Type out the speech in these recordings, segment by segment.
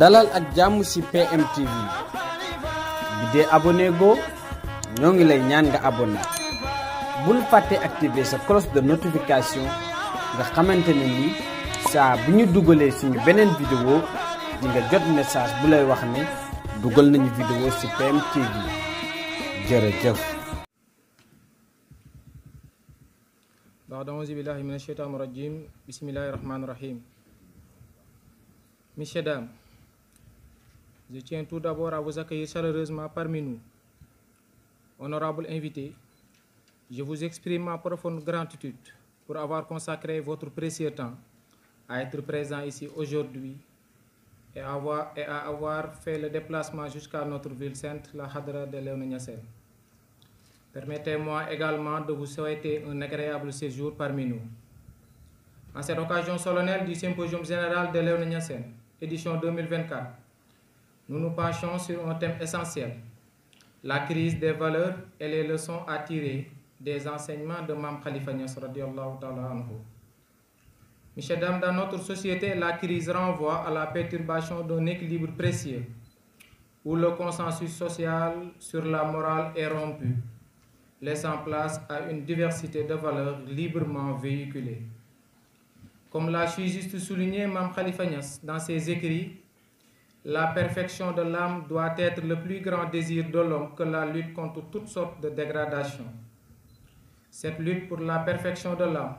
dalal ak jàmm ci PMTV bi dee abonné ñoo ngi lay ñaan nga abonné bul fàtte activer sa cloche de notification nga xamante ne ni saa bi ñu dugalee suñu beneen vidéo di nga jot message bu lay wax ne dugal nañu vidéo ci PMTV jërëjëf. Mes chers je tiens tout d'abord à vous accueillir chaleureusement parmi nous. Honorable invité, je vous exprime ma profonde gratitude pour avoir consacré votre précieux temps à être présent ici aujourd'hui et, à avoir fait le déplacement jusqu'à notre ville sainte, la Hadra de Léon Permettez-moi également de vous souhaiter un agréable séjour parmi nous. En cette occasion solennelle du Symposium général de Léon édition 2024, nous nous penchons sur un thème essentiel, la crise des valeurs et les leçons à tirer des enseignements de Mam Khalifa anhu. Messieurs, dames, dans notre société, la crise renvoie à la perturbation d'un équilibre précieux où le consensus social sur la morale est rompu laissant place à une diversité de valeurs librement véhiculées. Comme l'a su juste souligné Mam Khalifa dans ses écrits, la perfection de l'âme doit être le plus grand désir de l'homme que la lutte contre toutes sortes de dégradations. Cette lutte pour la perfection de l'âme,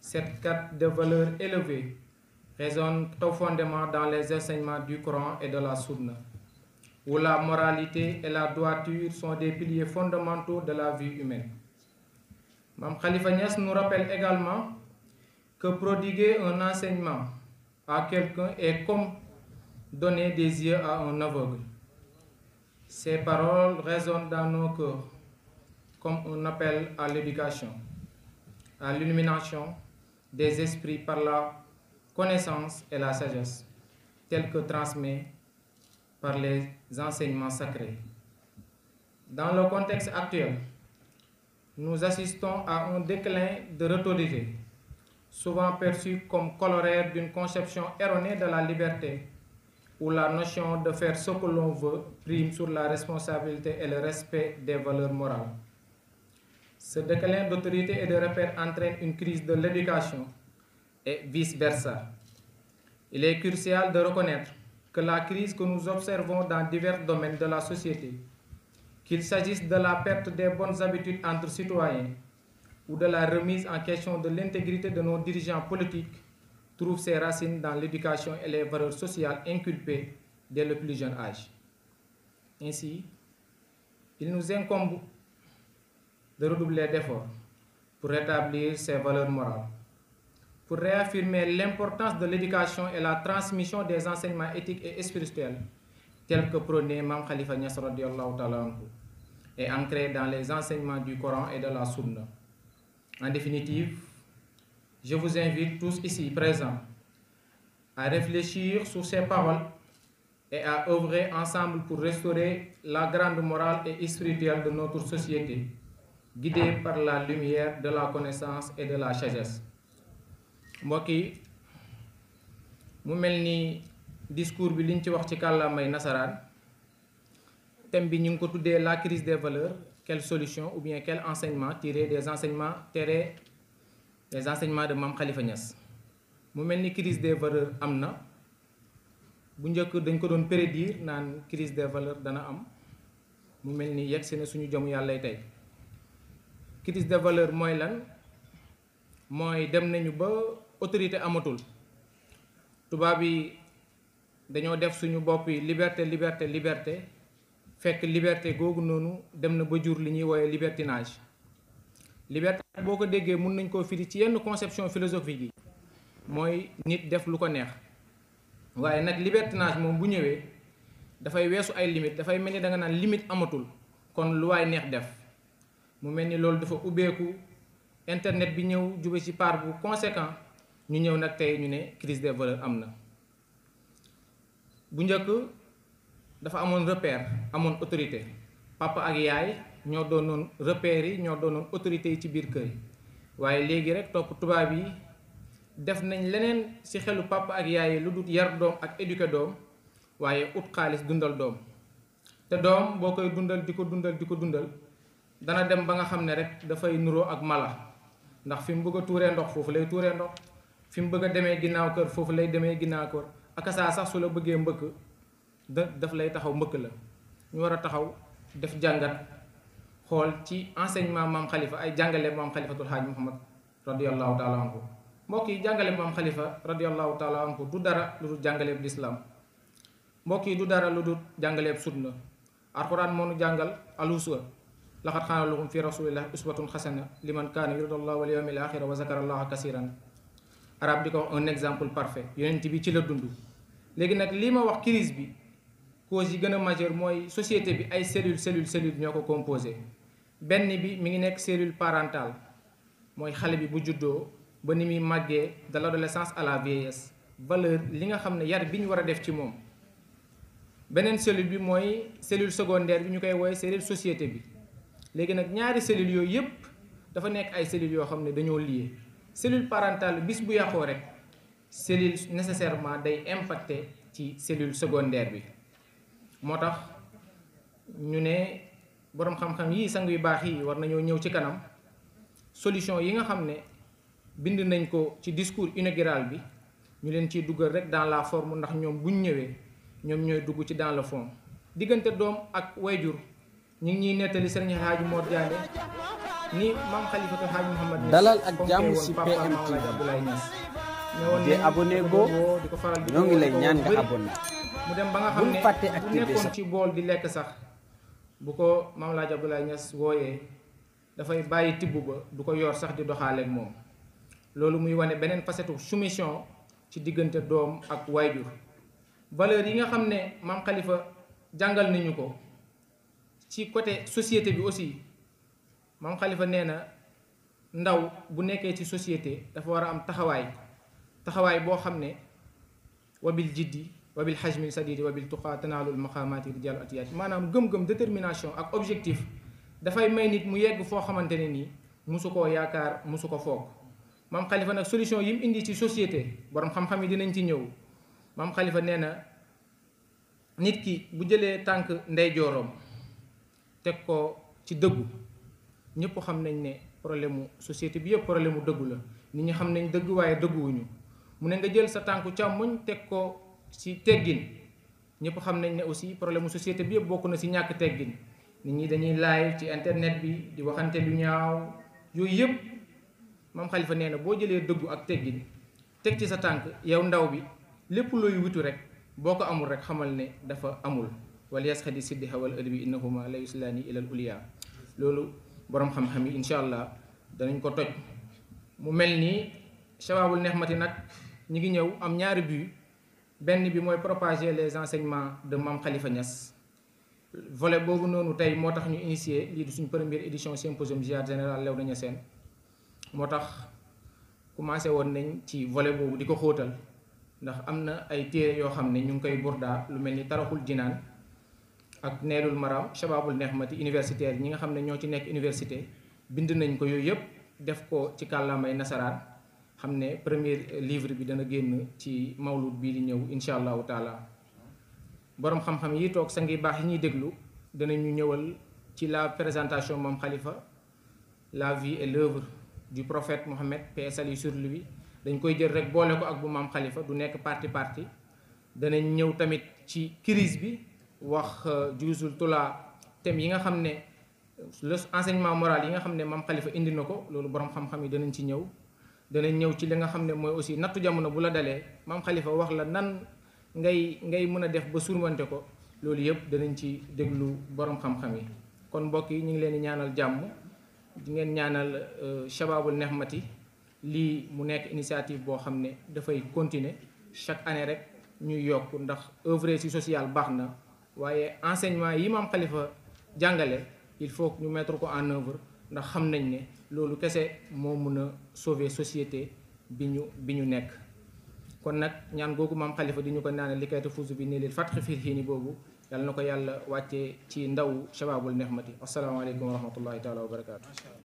cette carte de valeurs élevées, résonne profondément dans les enseignements du Coran et de la Sunna où la moralité et la droiture sont des piliers fondamentaux de la vie humaine. Mme Khalifa Nias nous rappelle également que prodiguer un enseignement à quelqu'un est comme donner des yeux à un aveugle. Ces paroles résonnent dans nos cœurs comme on appelle à l'éducation, à l'illumination des esprits par la connaissance et la sagesse, telle que transmet par les enseignements sacrés. Dans le contexte actuel, nous assistons à un déclin de l'autorité, souvent perçu comme coloraire d'une conception erronée de la liberté, où la notion de faire ce que l'on veut prime sur la responsabilité et le respect des valeurs morales. Ce déclin d'autorité et de repères entraîne une crise de l'éducation et vice-versa. Il est crucial de reconnaître la crise que nous observons dans divers domaines de la société, qu'il s'agisse de la perte des bonnes habitudes entre citoyens ou de la remise en question de l'intégrité de nos dirigeants politiques, trouve ses racines dans l'éducation et les valeurs sociales inculpées dès le plus jeune âge. Ainsi, il nous incombe de redoubler d'efforts pour rétablir ces valeurs morales pour réaffirmer l'importance de l'éducation et la transmission des enseignements éthiques et spirituels tels que prônés Mam Khalifa Niass et ancré dans les enseignements du Coran et de la Sunna. En définitive, je vous invite tous ici présents à réfléchir sur ces paroles et à œuvrer ensemble pour restaurer la grande morale et spirituelle de notre société, guidée par la lumière de la connaissance et de la sagesse. mbokk yi mu mel ni discours bi liñ ci wax ci kàllaamay nasaraan thème bi ñu ngi ko tuddee la crise des valeur quelle solution ou bien quel enseignement tiré des enseignements tere des enseignements de Mame Khalifa Niass mu mel ni crise des valeurs am na bu njëkk dañ ko doon prédire naan crise des valeurs dana am mu mel ni yegg si na suñu jom yàllay tey crise de valeurs mooy lan mooy dem nañu ba autorité amatul tubaab yi dañoo def suñu bopp yi liberté liberté liberté fekk liberté googu noonu dem na ba jur li ñuy libertinage liberté boo ko déggee mun nañ koo firi ci yenn conception philosophique yi mooy nit def lu ko neex waaye nag libertinage moom bu ñëwee dafay weesu ay limite dafay mel ni da nga naan limite amatul kon lu waay neex def mu mel ni loolu dafa ubbeeku internet bi ñëw jube ci part bu conséquent ñu ñëw nag tey ñu ne crise des valeurs am na bu njëkk dafa amoon repère amoon autorité papa ak yaay ñoo doonoon repères yi ñoo doonoon autorité yi ci biir kër yi waaye léegi rek topp tubaab yi def nañ leneen ci xelu papa ak yaay yi lu dul yar doom ak éduquer doom waaye ut xaalis dundal doom te doom boo koy dundal di ko dundal di ko dundal dana dem ba nga xam ne rek dafay nuroo ak mala ndax fi mu bëgg a ndox foofu lay tuuree ndox fi mu bëgg a demee ginnaaw kër foofu lay demee ginnaaw kër akasaa sax su la bëggee mbëkk daf lay taxaw mbëkk la ñu war a taxaw def jàngat xool ci enseignement maam xalifa ay jàngale maam xalifatul xaaj muhammad radiallahu taala anhu mbokk yi jàngale maam xalifa radiallahu taala anhu du dara lu dul jàngaleeb lislaam mbokk yi du dara lu dul jàngaleeb sunna alquran moo nu jàngal aluswa laxat xaana lahum fi rasulillah uswatun xasana liman kaana yuridallahu wal yawmil wa zakara arab diko un exemple parfait yonent bi ci la dund légui nak lii ma wax crise bi cause yi gëna majeur moy société bi ay cellule cellule cellule ñoko composé benn bi mi ngi nek cellule parentale moy xalé bi bu juddoo ba ni muy màggee de l'adolescence à la vieillesse valeur li nga xamné yar bi ñu war def ci mom benen cellule bi moy cellule secondaire bi ñu koy cellule société bi légui nak ñaari cellule yoy yépp dafa nek ay cellules yo xamné dañoo lié cellule parentale bis bu yàqoo rek cellule nécessairement day impacté ci cellule secondaire bi moo tax ñu ne boroom xam-xam yi sang yu baax yi war nañoo ñëw ci kanam solution yi nga xam ne bind nañ ko ci discours inaugural bi ñu leen ciy duggal rek dans la forme ndax ñoom buñ ñëwee ñoom ñooy dugg ci dans le fond diggante doom ak way jur ñu ngi ñuy nettali sëriñ Hadj Mor Diagne ni maam xalifatu Hadj Mouhamad dalal ak jàmm si PM TV di abonné goo ñoo ngi lay ñaan nga dem ba nga xam ne bu nekkoon ci bool di lekk sax bu ko maam laaj Abdoulaye Niass wooyee dafay bàyyi tibb ba du ko yor sax di doxaaleeg moom loolu muy wane beneen facette soumission ci diggante doom ak waajur valeur yi nga xam ne maam xalifa jàngal nañu ko ci côté société bi aussi maam xalifa nee na ndaw bu nekkee ci société dafa war a am taxawaay taxawaay boo xam ne wabil jiddi wabil xajmin sadidi wabil tuqaa tanaalul maqaamaati rijaalu atiyaat maanaam gëm-gëm détermination ak objectif dafay may nit mu yegg foo xamante ne nii musu koo yaakaar musu ko foog maam xalifa nag solution yim indi ci société boroom xam-xam yi dinañ ci ñëw maam xalifa nee na nit ki bu jëlee tànk ndeyjoorom teg ko ci dëggu ñëpp xam nañ ne problème mu société bi yëpp problème mu dëggu la nit ñi xam nañ dëgg waaye dëgguwuñu mu ne nga jël sa tànku càmmoñ teg ko ci teggin ñëpp xam nañ ne aussi problème mu société bi yëpp bokk na si ñàkk teggin nit ñi dañuy laay ci internet bi di waxante lu ñaaw yooyu yëpp maam xalifa nee na boo jëlee dëggu ak teggin teg ci sa tànk yow ndaw bi lépp looyu witu rek boo ko amul rek xamal ne dafa amul wala yasxadi siddiha wal ëlbi innahuma la yuslaani ila uliya loolu borom xam-xam yi incha allah danañ ko toj mu melni ni Shabaabul nak ñi ngi ñew am ñaari bu benn bi mooy propager les enseignements de mam Khalifa Niass volet boobu noonu tey moo tax ñu initier lii di suñ première édition symposium ziar général Léona Niassène moo tax commencé woon nañ ci volet boobu di ko xóotal ndax am na ay téere yoo xam ne ñu ngi koy burdaa lu mel ni taraxul jinaan ak neerul maram shababul nehmati universitaire ñi nga xam ne ñoo ci nekk université bind nañ ko yooyu yëpp def ko ci kàllaamay nasaraan xam ne premier livre bi dana génn ci mawlud bii di ñëw incha allahu taala borom xam-xam yi toog sang ngi baax yi ñuy déglu ñu ñëwal ci la présentation moom xalifa la vie et l'œuvre du prophète Mohammed paix salut sur lui dañ koy jël rek boole ko ak bu maam xalifa du nekk parti parti danañ ñëw tamit ci crise bi wax euh, juusul tulaa thème yi nga xam ne le enseignement moral yi nga xam ne maam xalifa indi na ko loolu borom xam-xam yi danañ ci ñëw danañ ñëw ci li nga xam ne mooy aussi nattu jamono bu la dalee maam xalifa wax la nan ngay ngay mën a def ba surmonter ko loolu yëpp danañ ci déglu borom xam-xam yi kon mbokk yi ñu ngi leen di ñaanal jàmm di ngeen ñaanal euh, shababul nehmati lii mu nekk initiative boo xam ne dafay continuer chaque année rek ñuy yokk ndax œuvre si social baax na waaye enseignement yi maam xalifa jàngale il faut ñu mettre ko en œuvre ndax xam nañ ne loolu kese moo mun a sauver société bi ñu bi ñu nekk kon nag ñaan googu maam xalifa di ñu ko naane likayta fuuzu bi nii lil fatxi fii xiini boobu yàlla na ko yàlla wàccee ci ndaw shababul nehmati asalaamaaleykum wa rahmatullahi taala wa barakaatu